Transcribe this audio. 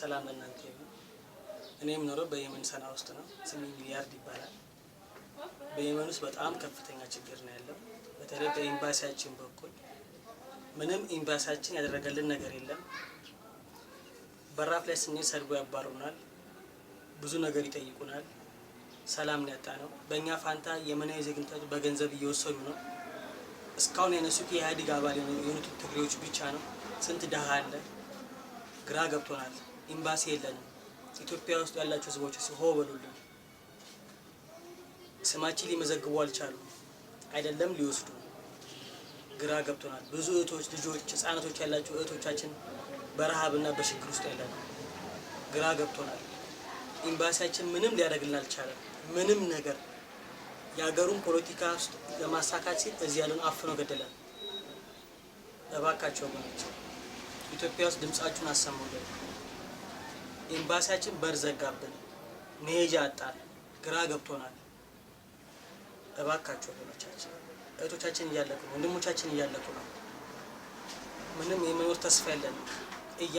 ሰላም ለእናንተ ይሁን። እኔ የምኖረው በየመን ሰና ውስጥ ነው። ስሜ ሚሊያርድ ይባላል። በየመን ውስጥ በጣም ከፍተኛ ችግር ነው ያለው፣ በተለይ በኤምባሲያችን በኩል ምንም ኤምባሲያችን ያደረገልን ነገር የለም። በራፍ ላይ ስንሄድ ሰርጎ ያባሩናል፣ ብዙ ነገር ይጠይቁናል። ሰላም ነው ያጣ ነው። በእኛ ፋንታ የመናዊ ዜግነታች በገንዘብ እየወሰዱ ነው። እስካሁን ያነሱት የኢህአዴግ አባል የሆኑት ትግሬዎች ብቻ ነው። ስንት ድሃ አለ ግራ ገብቶናል። ኤምባሲ የለንም። ኢትዮጵያ ውስጥ ያላችሁ ህዝቦች ሲሆ በሉልን። ስማችን ሊመዘግቡ አልቻሉ አይደለም ሊወስዱ። ግራ ገብቶናል። ብዙ እህቶች፣ ልጆች፣ ህጻናቶች ያላቸው እህቶቻችን በረሃብና በችግር ውስጥ ያለን ግራ ገብቶናል። ኤምባሲያችን ምንም ሊያደርግልን አልቻለም። ምንም ነገር የሀገሩን ፖለቲካ ውስጥ ለማሳካት ሲል እዚህ ያለን አፍኖ ገደለን። እባካቸው ወገኖች ኢትዮጵያ ውስጥ ድምጻችሁን አሰሙልን። ኤምባሲያችን በር ዘጋብን፣ መሄጃ አጣን፣ ግራ ገብቶናል። እባካችሁ ወገኖቻችን፣ እህቶቻችን እያለቁ ነው፣ ወንድሞቻችን እያለቁ ነው። ምንም የመኖር ተስፋ የለንም።